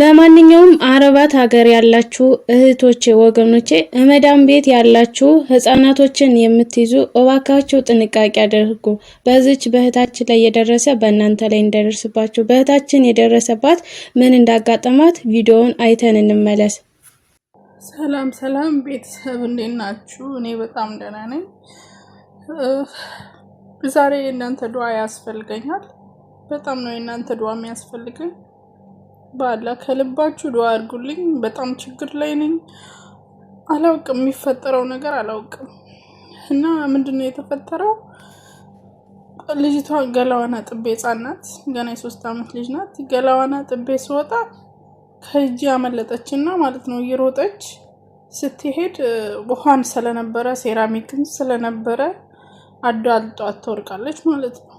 በማንኛውም አረባት ሀገር ያላችሁ እህቶቼ፣ ወገኖቼ እመዳም ቤት ያላችሁ ህጻናቶችን የምትይዙ እባካችሁ ጥንቃቄ አድርጉ። በዚች በእህታችን ላይ የደረሰ በእናንተ ላይ እንደደርስባችሁ። በእህታችን የደረሰባት ምን እንዳጋጠማት ቪዲዮውን አይተን እንመለስ። ሰላም ሰላም ቤተሰብ እንዴት ናችሁ? እኔ በጣም ደህና ነኝ። ዛሬ የእናንተ ድዋ ያስፈልገኛል። በጣም ነው የእናንተ ድዋ የሚያስፈልገኝ ባላ ከልባችሁ ዱዓ አድርጉልኝ። በጣም ችግር ላይ ነኝ። አላውቅም፣ የሚፈጠረው ነገር አላውቅም። እና ምንድነው የተፈጠረው? ልጅቷ ገላዋን አጥቤ ሕፃን ናት፣ ገና የሶስት ዓመት ልጅ ናት። ገላዋን አጥቤ ስወጣ ከእጅ ያመለጠችና ማለት ነው እየሮጠች ስትሄድ ውሃም ስለነበረ ሴራሚክም ስለነበረ አዳልጧ ትወርቃለች ማለት ነው።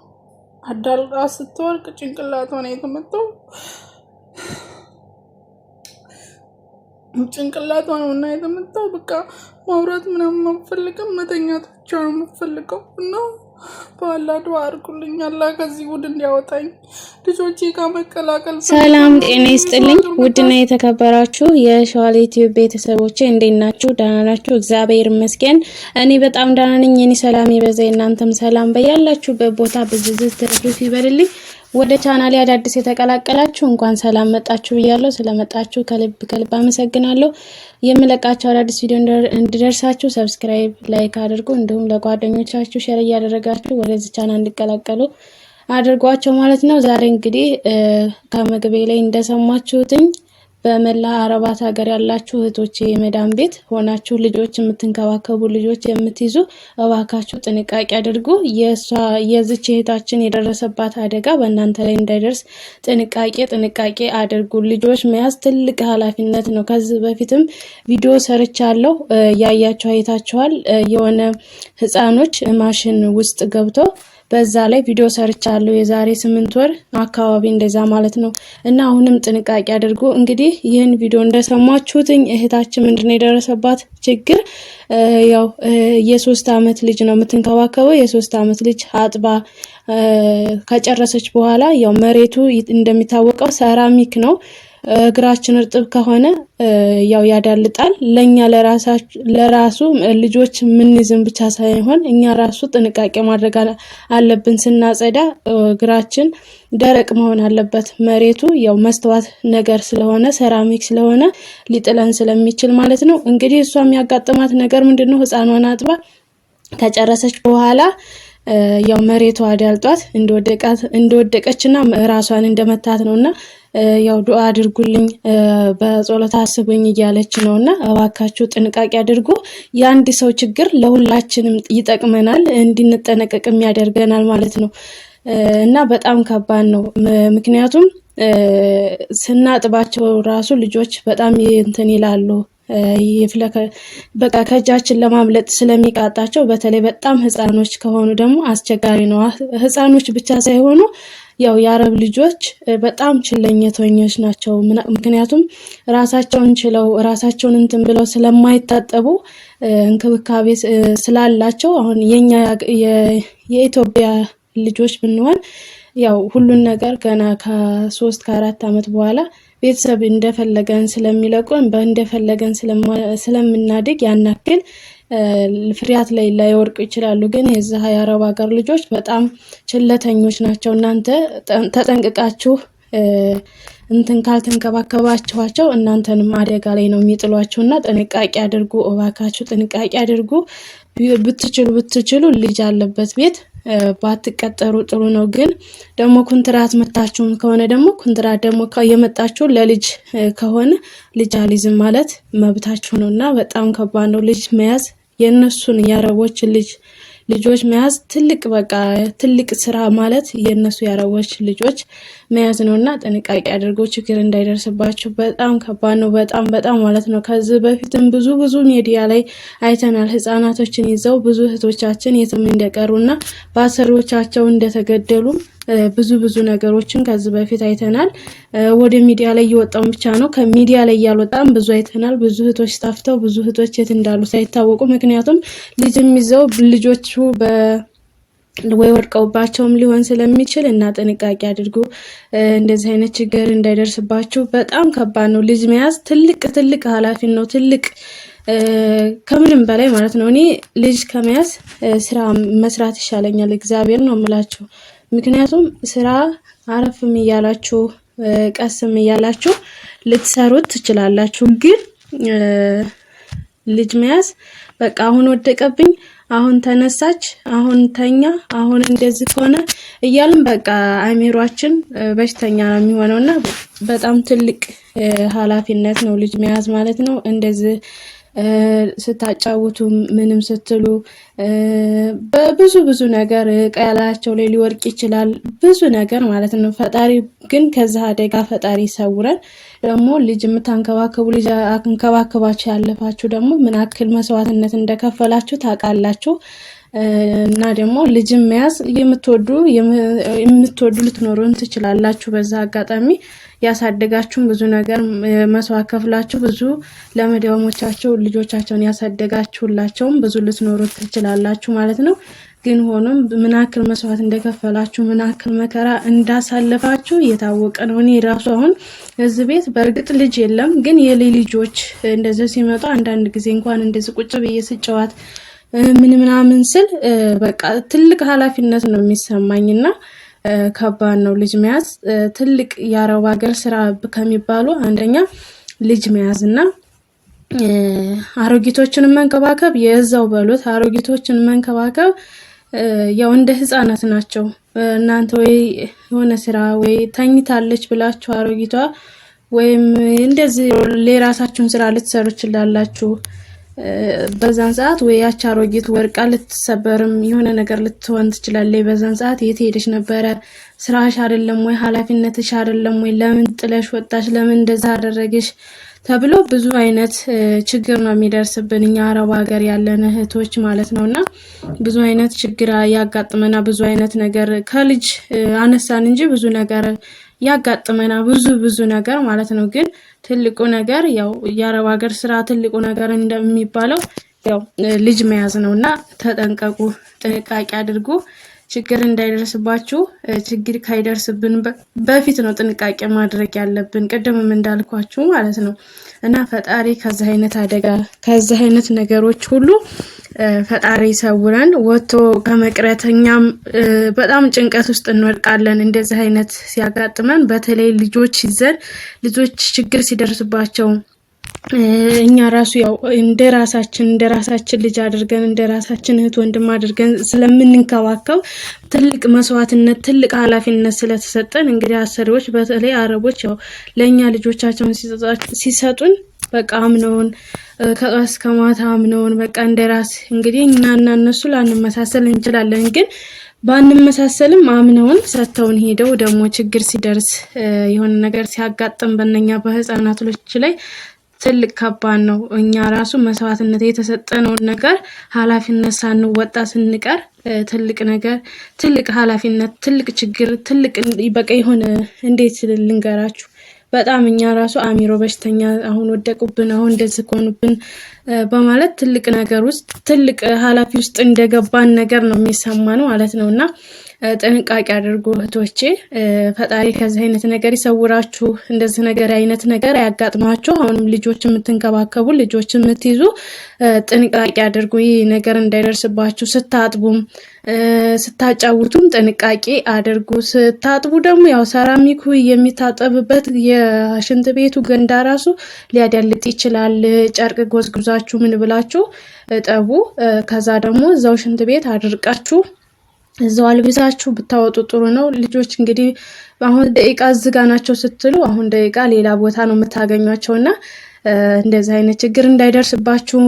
አዳልጧ ስትወርቅ ጭንቅላቷ ነው ጭንቅላቷ ነው እና የተመታው። በቃ ማውራት ምናምን አልፈልግም፣ መተኛት ብቻ ነው የምፈልገው። እና በኋላ ዱዓ አድርጉልኝ አላህ ከዚህ ውድ እንዲያወጣኝ ልጆቼ ጋር መቀላቀል። ሰላም ጤና ይስጥልኝ። ውድና የተከበራችሁ የሸዋሌ ዩቲዩብ ቤተሰቦቼ እንዴት ናችሁ? ደህና ናችሁ? እግዚአብሔር ይመስገን እኔ በጣም ደህና ነኝ። የኔ ሰላም ይበዛ፣ እናንተም ሰላም በያላችሁበት ቦታ ብዝዝት ትርፍ ይበልልኝ። ወደ ቻናሌ አዳዲስ የተቀላቀላችሁ እንኳን ሰላም መጣችሁ ብያለሁ። ስለመጣችሁ ከልብ ከልብ አመሰግናለሁ። የምለቃቸው አዳዲስ ቪዲዮ እንዲደርሳችሁ ሰብስክራይብ፣ ላይክ አድርጉ። እንዲሁም ለጓደኞቻችሁ ሼር እያደረጋችሁ ወደዚህ ቻናል እንዲቀላቀሉ አድርጓቸው ማለት ነው። ዛሬ እንግዲህ ከምግቤ ላይ እንደሰማችሁትኝ በመላ አረባት ሀገር ያላችሁ እህቶቼ የመዳን ቤት ሆናችሁ ልጆች የምትንከባከቡ ልጆች የምትይዙ እባካችሁ ጥንቃቄ አድርጉ። የዝች እህታችን የደረሰባት አደጋ በእናንተ ላይ እንዳይደርስ ጥንቃቄ ጥንቃቄ አድርጉ። ልጆች መያዝ ትልቅ ኃላፊነት ነው። ከዚህ በፊትም ቪዲዮ ሰርቻለሁ፣ ያያችሁ አይታችኋል። የሆነ ህፃኖች ማሽን ውስጥ ገብተው በዛ ላይ ቪዲዮ ሰርቻለሁ የዛሬ ስምንት ወር አካባቢ እንደዛ ማለት ነው። እና አሁንም ጥንቃቄ አድርጉ። እንግዲህ ይህን ቪዲዮ እንደሰማችሁትኝ እህታችን ምንድነው የደረሰባት ችግር? ያው የሶስት አመት ልጅ ነው የምትንከባከበው። የሶስት አመት ልጅ አጥባ ከጨረሰች በኋላ ያው መሬቱ እንደሚታወቀው ሰራሚክ ነው እግራችን እርጥብ ከሆነ ያው ያዳልጣል። ለእኛ ለራሱ ልጆች ምንዝም ብቻ ሳይሆን እኛ ራሱ ጥንቃቄ ማድረግ አለብን። ስናጸዳ እግራችን ደረቅ መሆን አለበት። መሬቱ ያው መስተዋት ነገር ስለሆነ ሴራሚክ ስለሆነ ሊጥለን ስለሚችል ማለት ነው። እንግዲህ እሷ የሚያጋጥማት ነገር ምንድነው ህፃኗን አጥባ ከጨረሰች በኋላ ያው መሬቷ እንደወደቀች እንደወደቀችና ራሷን እንደመታት ነው እና ያው ዱዓ አድርጉልኝ በጸሎት አስቡኝ እያለች ነው እና እባካችሁ ጥንቃቄ አድርጉ። የአንድ ሰው ችግር ለሁላችንም ይጠቅመናል፣ እንድንጠነቀቅም ያደርገናል ማለት ነው እና በጣም ከባድ ነው። ምክንያቱም ስናጥባቸው ራሱ ልጆች በጣም እንትን ይላሉ። በቃ ከእጃችን ለማምለጥ ስለሚቃጣቸው በተለይ በጣም ህፃኖች ከሆኑ ደግሞ አስቸጋሪ ነው። ህፃኖች ብቻ ሳይሆኑ ያው የአረብ ልጆች በጣም ችለኝተኞች ናቸው። ምክንያቱም ራሳቸውን ችለው ራሳቸውን እንትን ብለው ስለማይታጠቡ እንክብካቤ ስላላቸው አሁን የኛ የኢትዮጵያ ልጆች ብንሆን ያው ሁሉን ነገር ገና ከሶስት ከአራት ዓመት በኋላ ቤተሰብ እንደፈለገን ስለሚለቁን እንደፈለገን ስለምናድግ ያናክል ፍሪያት ላይ ላይወርቁ ይችላሉ። ግን የዚህ የአረብ ሀገር ልጆች በጣም ችለተኞች ናቸው። እናንተ ተጠንቅቃችሁ እንትን ካልተንከባከባችኋቸው እናንተንም አደጋ ላይ ነው የሚጥሏችሁ እና ጥንቃቄ አድርጉ እባካችሁ፣ ጥንቃቄ አድርጉ። ብትችሉ ብትችሉ ልጅ አለበት ቤት ባትቀጠሩ ጥሩ ነው። ግን ደግሞ ኩንትራት መታችሁም ከሆነ ደግሞ ኩንትራት ደግሞ የመጣችሁ ለልጅ ከሆነ ልጅ አልይዝም ማለት መብታችሁ ነው እና በጣም ከባድ ነው ልጅ መያዝ የእነሱን የአረቦችን ልጅ ልጆች መያዝ ትልቅ በቃ ትልቅ ስራ ማለት የእነሱ ያረቦች ልጆች መያዝ ነው እና ጥንቃቄ አድርጎ ችግር እንዳይደርስባቸው በጣም ከባድ ነው። በጣም በጣም ማለት ነው። ከዚህ በፊትም ብዙ ብዙ ሚዲያ ላይ አይተናል። ህጻናቶችን ይዘው ብዙ እህቶቻችን የትም እንደቀሩ እና በአሰሪዎቻቸው እንደተገደሉም ብዙ ብዙ ነገሮችን ከዚህ በፊት አይተናል። ወደ ሚዲያ ላይ እየወጣውን ብቻ ነው። ከሚዲያ ላይ እያልወጣም ብዙ አይተናል። ብዙ እህቶች ታፍተው፣ ብዙ እህቶች የት እንዳሉ ሳይታወቁ ምክንያቱም ልጅ የሚይዘው ልጆቹ በ ወይ ወድቀውባቸውም ሊሆን ስለሚችል እና ጥንቃቄ አድርጉ። እንደዚህ አይነት ችግር እንዳይደርስባችሁ። በጣም ከባድ ነው። ልጅ መያዝ ትልቅ ትልቅ ኃላፊነት ነው። ትልቅ ከምንም በላይ ማለት ነው። እኔ ልጅ ከመያዝ ስራ መስራት ይሻለኛል። እግዚአብሔር ነው የምላችሁ። ምክንያቱም ስራ አረፍም እያላችሁ ቀስም እያላችሁ ልትሰሩት ትችላላችሁ። ግን ልጅ መያዝ በቃ አሁን ወደቀብኝ፣ አሁን ተነሳች፣ አሁን ተኛ፣ አሁን እንደዚህ ከሆነ እያልም በቃ አእምሯችን በሽተኛ ነው የሚሆነው እና በጣም ትልቅ ኃላፊነት ነው ልጅ መያዝ ማለት ነው እንደዚህ ስታጫውቱ ምንም ስትሉ በብዙ ብዙ ነገር ቀላቸው ላይ ሊወርቅ ይችላል። ብዙ ነገር ማለት ነው። ፈጣሪ ግን ከዛ አደጋ ፈጣሪ ይሰውረን። ደግሞ ልጅ የምታንከባከቡ ልጅ አንከባከባችሁ ያለፋችሁ ደግሞ ምን አክል መስዋዕትነት እንደከፈላችሁ ታውቃላችሁ። እና ደግሞ ልጅን መያዝ የምትወዱ የምትወዱ ልትኖሩን ትችላላችሁ በዛ አጋጣሚ ያሳደጋችሁን ብዙ ነገር መስዋዕት ከፍላችሁ ብዙ ለመደሞቻቸው ልጆቻቸውን ያሳደጋችሁላቸውም ብዙ ልትኖሩ ትችላላችሁ ማለት ነው። ግን ሆኖም ምናክል መስዋዕት እንደከፈላችሁ ምናክል መከራ እንዳሳለፋችሁ እየታወቀ ነው። እኔ ራሱ አሁን እዚህ ቤት በእርግጥ ልጅ የለም፣ ግን የሌ ልጆች እንደዚህ ሲመጡ አንዳንድ ጊዜ እንኳን እንደዚህ ቁጭ ብዬ ስጨዋት ምን ምናምን ስል በቃ ትልቅ ኃላፊነት ነው የሚሰማኝ እና ከባድ ነው ልጅ መያዝ። ትልቅ የአረብ ሀገር ስራ ከሚባሉ አንደኛ ልጅ መያዝ እና አሮጊቶችን መንከባከብ የዛው በሉት። አሮጊቶችን መንከባከብ ያው እንደ ህፃናት ናቸው። እናንተ ወይ የሆነ ስራ ወይ ተኝታለች ብላችሁ አሮጊቷ ወይም እንደዚህ የራሳችሁን ስራ ልትሰሩ ይችላላችሁ። በዛን ሰዓት ወይ ያች አሮጊት ወርቃ ልትሰበርም የሆነ ነገር ልትሆን ትችላለች። በዛን ሰዓት የት ነበረ? ስራሽ አይደለም ወይ? ኃላፊነትሽ አይደለም ወይ? ለምን ጥለሽ ወጣሽ? ለምን እንደዛ አደረግሽ? ተብሎ ብዙ አይነት ችግር ነው የሚደርስብን እኛ አረብ ሀገር ያለን እህቶች ማለት ነው። እና ብዙ አይነት ችግር ያጋጥመና ብዙ አይነት ነገር ከልጅ አነሳን እንጂ ብዙ ነገር ያጋጥመና ብዙ ብዙ ነገር ማለት ነው። ግን ትልቁ ነገር ያው የአረብ ሀገር ስራ ትልቁ ነገር እንደሚባለው ያው ልጅ መያዝ ነው እና ተጠንቀቁ፣ ጥንቃቄ አድርጉ። ችግር እንዳይደርስባችሁ። ችግር ካይደርስብን በፊት ነው ጥንቃቄ ማድረግ ያለብን፣ ቅድምም እንዳልኳችሁ ማለት ነው እና ፈጣሪ ከዚህ አይነት አደጋ ከዚህ አይነት ነገሮች ሁሉ ፈጣሪ ይሰውረን ወጥቶ ከመቅረት። እኛም በጣም ጭንቀት ውስጥ እንወድቃለን እንደዚህ አይነት ሲያጋጥመን፣ በተለይ ልጆች ይዘን ልጆች ችግር ሲደርስባቸው እኛ ራሱ ያው እንደ ራሳችን እንደ ራሳችን ልጅ አድርገን እንደ ራሳችን እህት ወንድም አድርገን ስለምንንከባከብ ትልቅ መስዋዕትነት ትልቅ ኃላፊነት ስለተሰጠን እንግዲህ አሰሪዎች በተለይ አረቦች ያው ለእኛ ልጆቻቸውን ሲሰጡን በቃ አምነውን ከቀስ ከማታ አምነውን በቃ ራስ እንግዲህ እና እና እነሱ ላንመሳሰል እንችላለን፣ ግን ባንመሳሰልም አምነውን ሰጥተውን ሄደው ደግሞ ችግር ሲደርስ የሆነ ነገር ሲያጋጥም በእነኛ በህፃናቶች ላይ ትልቅ ከባድ ነው። እኛ ራሱ መስዋዕትነት የተሰጠነውን ነገር ኃላፊነት ሳንወጣ ስንቀር ትልቅ ነገር፣ ትልቅ ኃላፊነት፣ ትልቅ ችግር፣ ትልቅ በቃ የሆነ እንዴት ልንገራችሁ በጣም እኛ ራሱ አሚሮ በሽተኛ አሁን ወደቁብን፣ አሁን እንደዚህ ከሆኑብን በማለት ትልቅ ነገር ውስጥ ትልቅ ኃላፊ ውስጥ እንደገባን ነገር ነው ነው ማለት ነው እና ጥንቃቄ አድርጉ እህቶቼ። ፈጣሪ ከዚህ አይነት ነገር ይሰውራችሁ። እንደዚህ ነገር አይነት ነገር አያጋጥማችሁ። አሁንም ልጆች የምትንከባከቡ ልጆች የምትይዙ ጥንቃቄ አድርጉ። ይህ ነገር እንዳይደርስባችሁ። ስታጥቡም ስታጫውቱም ጥንቃቄ አድርጉ። ስታጥቡ ደግሞ ያው ሰራሚኩ የሚታጠብበት የሽንት ቤቱ ገንዳ ራሱ ሊያዳልጥ ይችላል። ጨርቅ ጎዝጉዛችሁ ምን ብላችሁ እጠቡ። ከዛ ደግሞ እዛው ሽንት ቤት አድርቃችሁ እዛው አልብዛችሁ ብታወጡ ጥሩ ነው። ልጆች እንግዲህ አሁን ደቂቃ እዝጋ ናቸው ስትሉ አሁን ደቂቃ ሌላ ቦታ ነው የምታገኟቸው እና እንደዚህ አይነት ችግር እንዳይደርስባችሁ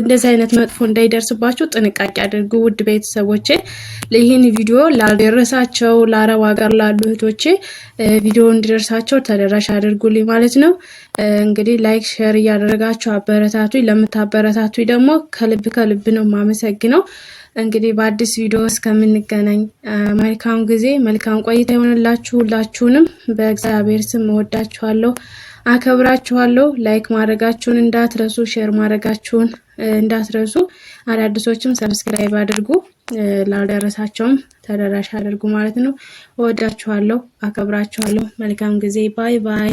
እንደዚህ አይነት መጥፎ እንዳይደርስባችሁ ጥንቃቄ አድርጉ። ውድ ቤተሰቦቼ ይህን ቪዲዮ ላደረሳቸው ለአረብ ሀገር ላሉ እህቶቼ ቪዲዮ እንዲደርሳቸው ተደራሽ አድርጉልኝ ማለት ነው። እንግዲህ ላይክ፣ ሼር እያደረጋችሁ አበረታቱ። ለምታበረታቱ ደግሞ ከልብ ከልብ ነው ማመሰግነው። እንግዲህ በአዲስ ቪዲዮ እስከምንገናኝ መልካም ጊዜ፣ መልካም ቆይታ ይሆንላችሁ። ሁላችሁንም በእግዚአብሔር ስም እወዳችኋለሁ። አከብራችኋለሁ። ላይክ ማድረጋችሁን እንዳትረሱ፣ ሼር ማድረጋችሁን እንዳትረሱ። አዳዲሶችም ሰብስክራይብ አድርጉ፣ ላልደረሳቸውም ተደራሽ አድርጉ ማለት ነው። እወዳችኋለሁ፣ አከብራችኋለሁ። መልካም ጊዜ። ባይ ባይ።